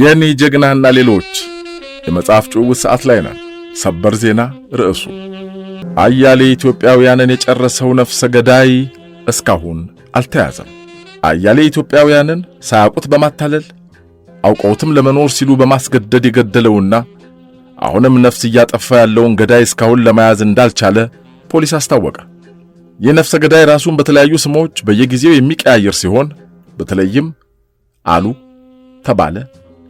የኔ ጀግናና ሌሎች የመጽሐፍ ጭውውት ሰዓት ላይ ነን። ሰበር ዜና ርዕሱ አያሌ ኢትዮጵያውያንን የጨረሰው ነፍሰ ገዳይ እስካሁን አልተያዘም። አያሌ ኢትዮጵያውያንን ሳያውቁት በማታለል አውቀውትም ለመኖር ሲሉ በማስገደድ የገደለውና አሁንም ነፍስ እያጠፋ ያለውን ገዳይ እስካሁን ለመያዝ እንዳልቻለ ፖሊስ አስታወቀ። ይህ ነፍሰ ገዳይ ራሱን በተለያዩ ስሞች በየጊዜው የሚቀያየር ሲሆን በተለይም አሉ፣ ተባለ፣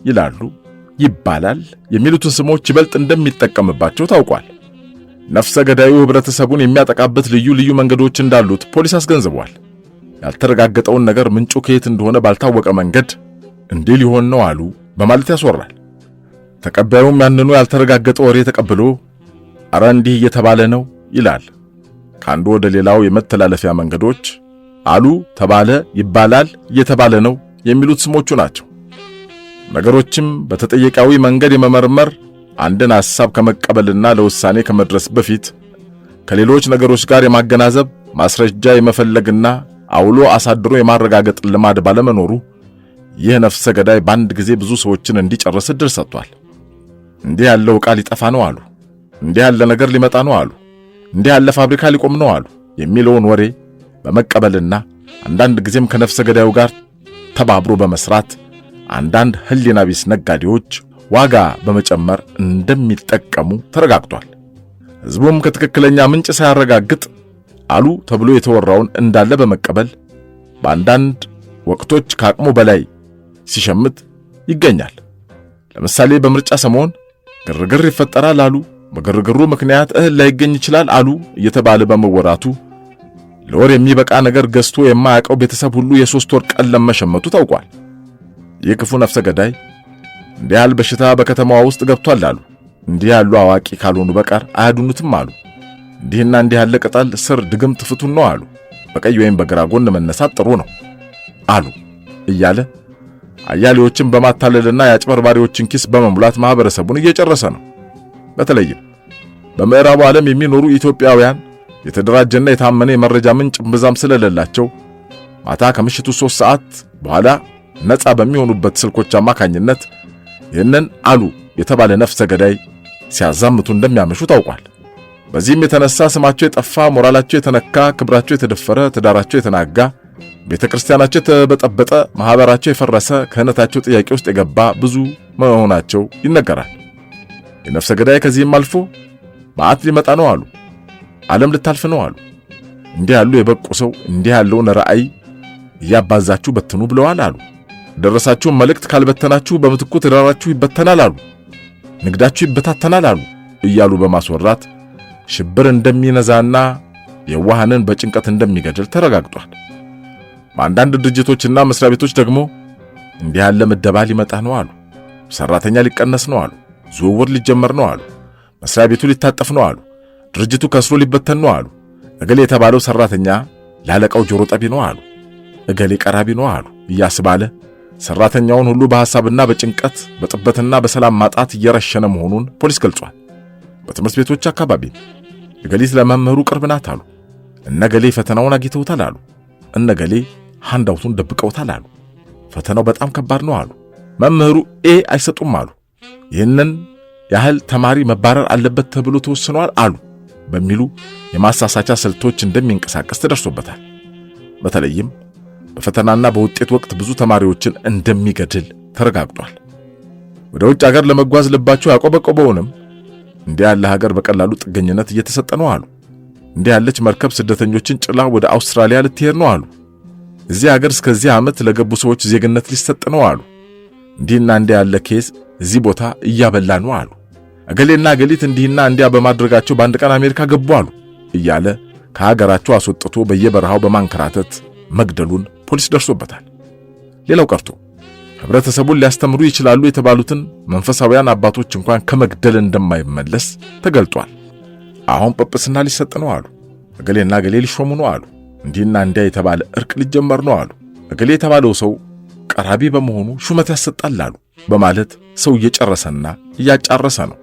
ይላሉ፣ ይባላል የሚሉትን ስሞች ይበልጥ እንደሚጠቀምባቸው ታውቋል። ነፍሰ ገዳዩ ህብረተሰቡን የሚያጠቃበት ልዩ ልዩ መንገዶች እንዳሉት ፖሊስ አስገንዝቧል። ያልተረጋገጠውን ነገር ምንጩ ከየት እንደሆነ ባልታወቀ መንገድ እንዲህ ሊሆን ነው አሉ በማለት ያስወራል። ተቀባዩም ያንኑ ያልተረጋገጠ ወሬ ተቀብሎ አረ እንዲህ እየተባለ ነው ይላል። ከአንዱ ወደ ሌላው የመተላለፊያ መንገዶች አሉ፣ ተባለ፣ ይባላል፣ እየተባለ ነው የሚሉት ስሞቹ ናቸው። ነገሮችም በተጠየቃዊ መንገድ የመመርመር አንድን ሐሳብ ከመቀበልና ለውሳኔ ከመድረስ በፊት ከሌሎች ነገሮች ጋር የማገናዘብ ማስረጃ የመፈለግና አውሎ አሳድሮ የማረጋገጥ ልማድ ባለመኖሩ ይህ ነፍሰ ገዳይ በአንድ ጊዜ ብዙ ሰዎችን እንዲጨርስ እድል ሰጥቷል። እንዲህ ያለው ዕቃ ሊጠፋ ነው አሉ፣ እንዲህ ያለ ነገር ሊመጣ ነው አሉ፣ እንዲህ ያለ ፋብሪካ ሊቆም ነው አሉ የሚለውን ወሬ በመቀበልና አንዳንድ ጊዜም ከነፍሰ ገዳዩ ጋር ተባብሮ በመስራት አንዳንድ ህሊና ቢስ ነጋዴዎች ዋጋ በመጨመር እንደሚጠቀሙ ተረጋግጧል። ህዝቡም ከትክክለኛ ምንጭ ሳያረጋግጥ አሉ ተብሎ የተወራውን እንዳለ በመቀበል በአንዳንድ ወቅቶች ከአቅሙ በላይ ሲሸምት ይገኛል። ለምሳሌ በምርጫ ሰሞን ግርግር ይፈጠራል አሉ፣ በግርግሩ ምክንያት እህል ላይገኝ ይችላል አሉ እየተባለ በመወራቱ ለወር የሚበቃ ነገር ገዝቶ የማያውቀው ቤተሰብ ሁሉ የሶስት ወር ቀለም መሸመቱ ታውቋል። የክፉ ነፍሰ ገዳይ እንዲህ ያህል በሽታ በከተማዋ ውስጥ ገብቷል አሉ። እንዲህ ያሉ አዋቂ ካልሆኑ በቀር አያድኑትም አሉ። እንዲህና እንዲህ ያለ ቅጠል ስር ድግምት ፍቱን ነው አሉ። በቀኝ ወይም በግራ ጎን መነሳት ጥሩ ነው አሉ እያለ አያሌዎችን በማታለልና የአጭበርባሪዎችን ኪስ በመሙላት ማህበረሰቡን እየጨረሰ ነው። በተለይም በምዕራቡ ዓለም የሚኖሩ ኢትዮጵያውያን የተደራጀና የታመነ የመረጃ ምንጭ ብዛም ስለሌላቸው ማታ ከምሽቱ ሦስት ሰዓት በኋላ ነፃ በሚሆኑበት ስልኮች አማካኝነት ይህንን አሉ የተባለ ነፍሰ ገዳይ ሲያዛምቱ እንደሚያመሹ ታውቋል። በዚህም የተነሳ ስማቸው የጠፋ፣ ሞራላቸው የተነካ፣ ክብራቸው የተደፈረ፣ ትዳራቸው የተናጋ፣ ቤተ ክርስቲያናቸው የተበጠበጠ፣ ማህበራቸው የፈረሰ፣ ክህነታቸው ጥያቄ ውስጥ የገባ ብዙ መሆናቸው ይነገራል። የነፍሰ ገዳይ ከዚህም አልፎ መዓት ሊመጣ ነው አሉ፣ ዓለም ልታልፍ ነው አሉ፣ እንዲህ ያሉ የበቁ ሰው እንዲህ ያለውን ራእይ እያባዛችሁ በትኑ ብለዋል አሉ። ደረሳችሁ መልእክት ካልበተናችሁ በምትኩ ትዳራችሁ ይበተናል አሉ፣ ንግዳችሁ ይበታተናል አሉ እያሉ በማስወራት ሽብር እንደሚነዛና የዋሃንን በጭንቀት እንደሚገድል ተረጋግጧል። በአንዳንድ ድርጅቶችና መስሪያ ቤቶች ደግሞ እንዲህ ያለ ምደባ ሊመጣ ነው አሉ፣ ሰራተኛ ሊቀነስ ነው አሉ፣ ዝውውር ሊጀመር ነው አሉ፣ መስሪያ ቤቱ ሊታጠፍ ነው አሉ፣ ድርጅቱ ከስሮ ሊበተን ነው አሉ፣ እገሌ የተባለው ሰራተኛ ላለቃው ጆሮ ጠቢ ነው አሉ፣ እገሌ ቀራቢ ነው አሉ እያስባለ ሰራተኛውን ሁሉ በሐሳብና በጭንቀት በጥበትና በሰላም ማጣት እየረሸነ መሆኑን ፖሊስ ገልጿል። በትምህርት ቤቶች አካባቢ እገሊት ለመምህሩ ቅርብ ናት አሉ፣ እነገሌ ፈተናውን አግኝተውታል አሉ፣ እነገሌ ሃንዳውቱን ደብቀውታል አሉ፣ ፈተናው በጣም ከባድ ነው አሉ፣ መምህሩ ኤ አይሰጡም አሉ፣ ይህንን ያህል ተማሪ መባረር አለበት ተብሎ ተወስኗል አሉ በሚሉ የማሳሳቻ ስልቶች እንደሚንቀሳቀስ ተደርሶበታል። በተለይም በፈተናና በውጤት ወቅት ብዙ ተማሪዎችን እንደሚገድል ተረጋግጧል። ወደ ውጭ ሀገር ለመጓዝ ልባቸው ያቆበቆበውንም እንዲህ ያለ ሀገር በቀላሉ ጥገኝነት እየተሰጠ ነው አሉ። እንዲህ ያለች መርከብ ስደተኞችን ጭላ ወደ አውስትራሊያ ልትሄድ ነው አሉ። እዚህ ሀገር እስከዚህ ዓመት ለገቡ ሰዎች ዜግነት ሊሰጥ ነው አሉ። እንዲህና እንዲህ ያለ ኬስ እዚህ ቦታ እያበላ ነው አሉ። እገሌና እገሊት እንዲህና እንዲያ በማድረጋቸው በአንድ ቀን አሜሪካ ገቡ አሉ እያለ ከሀገራቸው አስወጥቶ በየበረሃው በማንከራተት መግደሉን ፖሊስ ደርሶበታል። ሌላው ቀርቶ ህብረተሰቡን ሊያስተምሩ ይችላሉ የተባሉትን መንፈሳዊያን አባቶች እንኳን ከመግደል እንደማይመለስ ተገልጧል። አሁን ጵጵስና ሊሰጥ ነው አሉ። እገሌና እገሌ ሊሾሙ ነው አሉ። እንዲህና እንዲያ የተባለ እርቅ ሊጀመር ነው አሉ። እገሌ የተባለው ሰው ቀራቢ በመሆኑ ሹመት ያሰጣል አሉ በማለት ሰው እየጨረሰና እያጫረሰ ነው።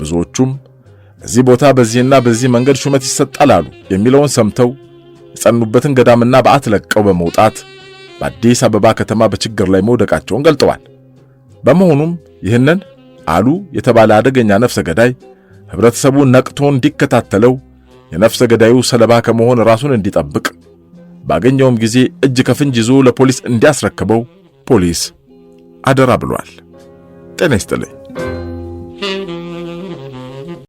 ብዙዎቹም እዚህ ቦታ በዚህና በዚህ መንገድ ሹመት ይሰጣል አሉ የሚለውን ሰምተው የጸኑበትን ገዳምና በዓት ለቀው በመውጣት በአዲስ አበባ ከተማ በችግር ላይ መውደቃቸውን ገልጠዋል። በመሆኑም ይህንን አሉ የተባለ አደገኛ ነፍሰ ገዳይ ህብረተሰቡ ነቅቶ እንዲከታተለው የነፍሰ ገዳዩ ሰለባ ከመሆን ራሱን እንዲጠብቅ ባገኘውም ጊዜ እጅ ከፍንጅ ይዞ ለፖሊስ እንዲያስረክበው ፖሊስ አደራ ብሏል። ጤና ይስጥልኝ።